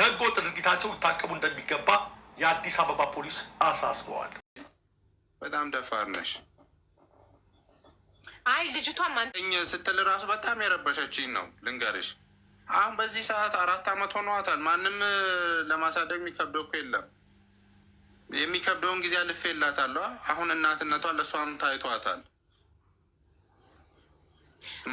ወጥ ድርጊታቸው ሊታቀቡ እንደሚገባ የአዲስ አበባ ፖሊስ አሳስበዋል። በጣም ደፋር ነሽ። አይ ልጅቷ ማንኝ ስትል ራሱ በጣም የረበሸችኝ ነው ልንገርሽ። አሁን በዚህ ሰዓት አራት አመት ሆነዋታል። ማንም ለማሳደግ የሚከብደው እኮ የለም። የሚከብደውን ጊዜ አልፌላታለሁ። አሁን እናትነቷ ለእሷም ታይቷታል።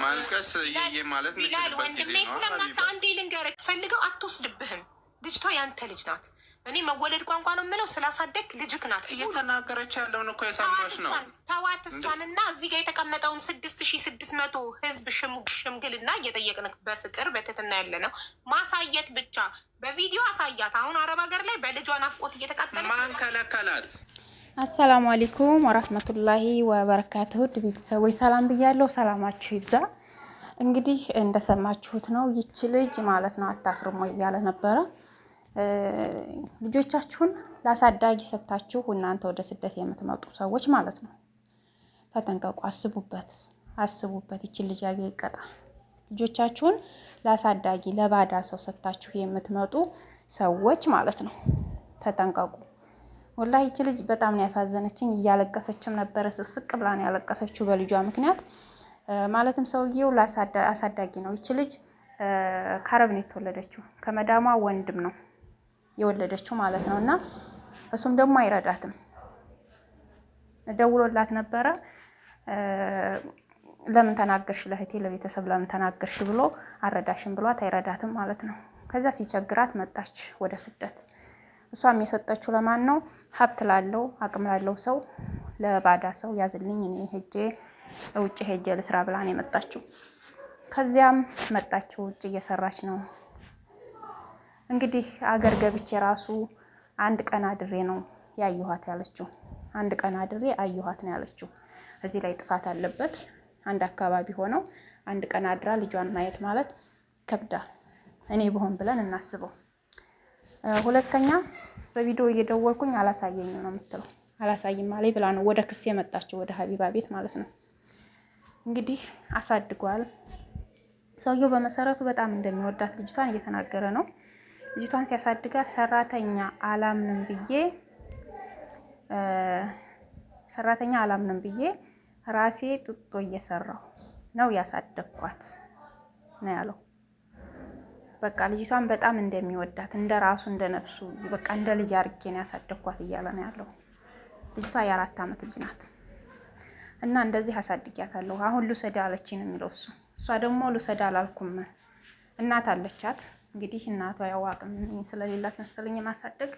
ማልቀስ ይዬ ማለት ችልበት ወንድሜ ስለማታ አንዴ ልንገርህ ትፈልገው አትወስድብህም ልጅቷ ያንተ ልጅ ናት። እኔ መወለድ ቋንቋ ነው የምለው ስላሳደግ ልጅክ ናት እየተናገረች ያለውን እኮ የሰማሽ ነው። ተዋት እሷንና እዚህ ጋር የተቀመጠውን ስድስት ሺ ስድስት መቶ ህዝብ ሽምግልና እየጠየቅን በፍቅር በትትና ያለ ነው ማሳየት ብቻ በቪዲዮ አሳያት። አሁን አረብ ሀገር ላይ በልጇ ናፍቆት እየተቃጠለ ማን ከለከላት? አሰላሙ አለይኩም ወራህመቱላሂ ወበረካቱሁ። ቤተሰቦች ሰላም ብያለሁ። ሰላማችሁ ይብዛ። እንግዲህ እንደሰማችሁት ነው ይቺ ልጅ ማለት ነው አታፍርሞ እያለ ነበረ ልጆቻችሁን ለአሳዳጊ ሰጥታችሁ እናንተ ወደ ስደት የምትመጡ ሰዎች ማለት ነው። ተጠንቀቁ። አስቡበት፣ አስቡበት። ይችን ልጅ ያገ ይቀጣ። ልጆቻችሁን ለአሳዳጊ ለባዳ ሰው ሰጥታችሁ የምትመጡ ሰዎች ማለት ነው። ተጠንቀቁ። ወላሂ ይች ልጅ በጣም ነው ያሳዘነችኝ። እያለቀሰችም ነበረ። ስስቅ ብላ ነው ያለቀሰችው በልጇ ምክንያት። ማለትም ሰውዬው አሳዳጊ ነው። ይች ልጅ ከአረብ ነው የተወለደችው። ከመዳሟ ወንድም ነው የወለደችው ማለት ነው። እና እሱም ደግሞ አይረዳትም። ደውሎላት ነበረ። ለምን ተናገርሽ ለህቴ ለቤተሰብ ለምን ተናገርሽ ብሎ አረዳሽም ብሏት አይረዳትም ማለት ነው። ከዚያ ሲቸግራት መጣች ወደ ስደት። እሷም የሰጠችው ለማን ነው? ሀብት ላለው አቅም ላለው ሰው፣ ለባዳ ሰው ያዝልኝ እኔ ሄጄ ውጭ ሄጄ ልስራ ብላን የመጣችው። ከዚያም መጣችው ውጭ እየሰራች ነው እንግዲህ አገር ገብቼ ራሱ አንድ ቀን አድሬ ነው ያየኋት ያለችው። አንድ ቀን አድሬ አየኋት ነው ያለችው። እዚህ ላይ ጥፋት አለበት። አንድ አካባቢ ሆነው አንድ ቀን አድራ ልጇን ማየት ማለት ከብዳል። እኔ ብሆን ብለን እናስበው። ሁለተኛ በቪዲዮ እየደወልኩኝ አላሳየኝም ነው የምትለው። አላሳይም ማለ ብላ ነው ወደ ክስ የመጣችው ወደ ሀቢባ ቤት ማለት ነው። እንግዲህ አሳድጓል ሰውየው በመሰረቱ በጣም እንደሚወዳት ልጅቷን እየተናገረ ነው። ልጅቷን ሲያሳድጋ ሰራተኛ አላምንም ብዬ ሰራተኛ አላምንም ብዬ ራሴ ጡጦ እየሰራሁ ነው ያሳደግኳት ነው ያለው። በቃ ልጅቷን በጣም እንደሚወዳት እንደ ራሱ እንደ ነፍሱ በቃ እንደ ልጅ አድርጌ ነው ያሳደግኳት እያለ ነው ያለው። ልጅቷ የአራት ዓመት ልጅ ናት እና እንደዚህ አሳድጊያታለሁ። አሁን ልውሰድ አለችኝ ነው የሚለው እሱ። እሷ ደግሞ ልውሰድ አላልኩም እናት አለቻት እንግዲህ እናቷ ያዋቅም ስለሌላት መሰለኝ ማሳደግ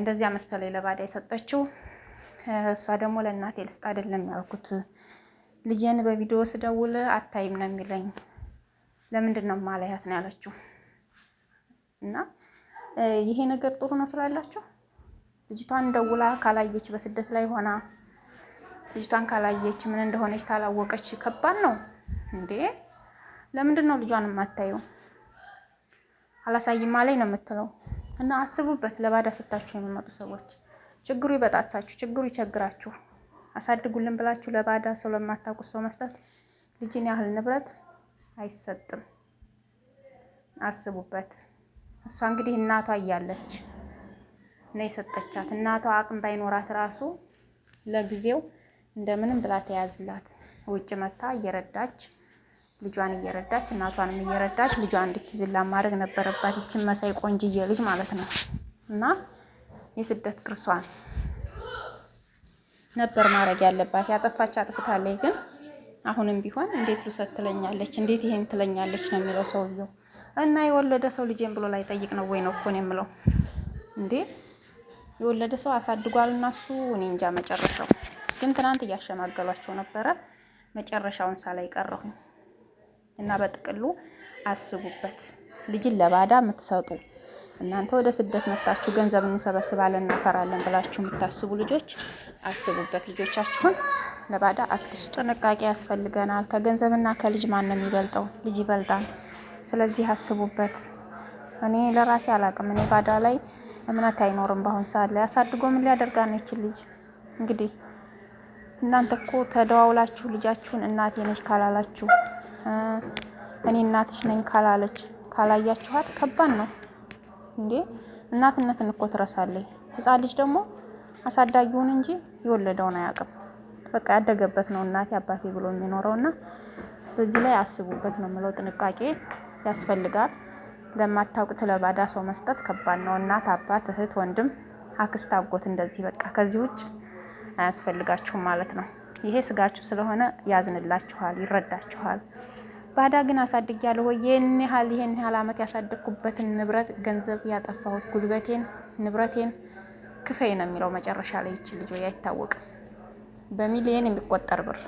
እንደዚያ መሰለኝ ለባዳ የሰጠችው። እሷ ደግሞ ለእናቴ ልስጥ አይደለም ያልኩት ልጄን በቪዲዮ ስደውል አታይም ነው የሚለኝ፣ ለምንድን ነው ማለያት ነው ያለችው። እና ይሄ ነገር ጥሩ ነው ትላላችሁ? ልጅቷን ደውላ ካላየች፣ በስደት ላይ ሆና ልጅቷን ካላየች፣ ምን እንደሆነች ታላወቀች፣ ከባድ ነው እንዴ! ለምንድን ነው ልጇን የማታየው? አላሳይም አለኝ ነው የምትለው። እና አስቡበት። ለባዳ ሰጥታችሁ የሚመጡ ሰዎች ችግሩ ይበጣሳችሁ፣ ችግሩ ይቸግራችሁ፣ አሳድጉልን ብላችሁ ለባዳ ሰው ለማታውቁት ሰው መስጠት ልጅን ያህል ንብረት አይሰጥም። አስቡበት። እሷ እንግዲህ እናቷ እያለች ነው የሰጠቻት። እናቷ አቅም ባይኖራት ራሱ ለጊዜው እንደምንም ብላ ተያዝላት ውጭ መታ እየረዳች ልጇን እየረዳች እናቷንም እየረዳች ልጇን እንድትዝላ ማድረግ ነበረባት። ይችን መሳይ ቆንጅዬ ልጅ ማለት ነው እና የስደት ቅርሷን ነበር ማድረግ ያለባት። ያጠፋች አጥፍታለች፣ ግን አሁንም ቢሆን እንዴት ልውሰድ ትለኛለች፣ እንዴት ይሄን ትለኛለች ነው የሚለው ሰውየው። እና የወለደ ሰው ልጄን ብሎ ላይ ጠይቅ ነው ወይ ነው እኮ ነው የምለው። እንዴ የወለደ ሰው አሳድጓል። እና እሱ እኔ እንጃ መጨረሻው ግን ትናንት እያሸማገሏቸው ነበረ። መጨረሻውን ሳላይ ቀረሁኝ። እና በጥቅሉ አስቡበት። ልጅን ለባዳ የምትሰጡ እናንተ ወደ ስደት መታችሁ ገንዘብ እንሰበስባለን እናፈራለን ብላችሁ የምታስቡ ልጆች አስቡበት። ልጆቻችሁን ለባዳ አትስጡ። ጥንቃቄ ያስፈልገናል። ከገንዘብና ከልጅ ማን ነው የሚበልጠው? ልጅ ይበልጣል። ስለዚህ አስቡበት። እኔ ለራሴ አላቅም። እኔ ባዳ ላይ እምነት አይኖርም። በአሁን ሰዓት ላይ አሳድጎ ምን ሊያደርጋ ነው ይችል ልጅ? እንግዲህ እናንተ እኮ ተደዋውላችሁ ልጃችሁን እናቴ ነች ካላላችሁ እኔ እናትሽ ነኝ ካላለች ካላያችኋት ከባድ ነው እንዴ። እናትነትን እኮ ትረሳለች። ህፃን ልጅ ደግሞ አሳዳጊውን እንጂ የወለደውን አያውቅም። በቃ ያደገበት ነው እናቴ አባቴ ብሎ የሚኖረው እና በዚህ ላይ አስቡበት ነው የምለው። ጥንቃቄ ያስፈልጋል። ለማታውቁት ለባዳ ሰው መስጠት ከባድ ነው። እናት፣ አባት፣ እህት፣ ወንድም፣ አክስት፣ አጎት እንደዚህ በቃ ከዚህ ውጭ አያስፈልጋችሁም ማለት ነው። ይሄ ስጋችሁ ስለሆነ ያዝንላችኋል፣ ይረዳችኋል። ባዳ ግን አሳድግ ሆይ ይህን ያህል ይህን ያህል አመት ያሳደግኩበትን ንብረት ገንዘብ ያጠፋሁት ጉልበቴን፣ ንብረቴን ክፈይ ነው የሚለው መጨረሻ ላይ ይችል ልጆ አይታወቅም። በሚሊየን የሚቆጠር ብር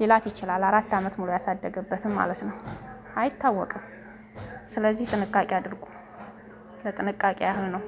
ሊላት ይችላል። አራት ዓመት ሙሉ ያሳደገበትም ማለት ነው አይታወቅም። ስለዚህ ጥንቃቄ አድርጉ። ለጥንቃቄ ያህል ነው።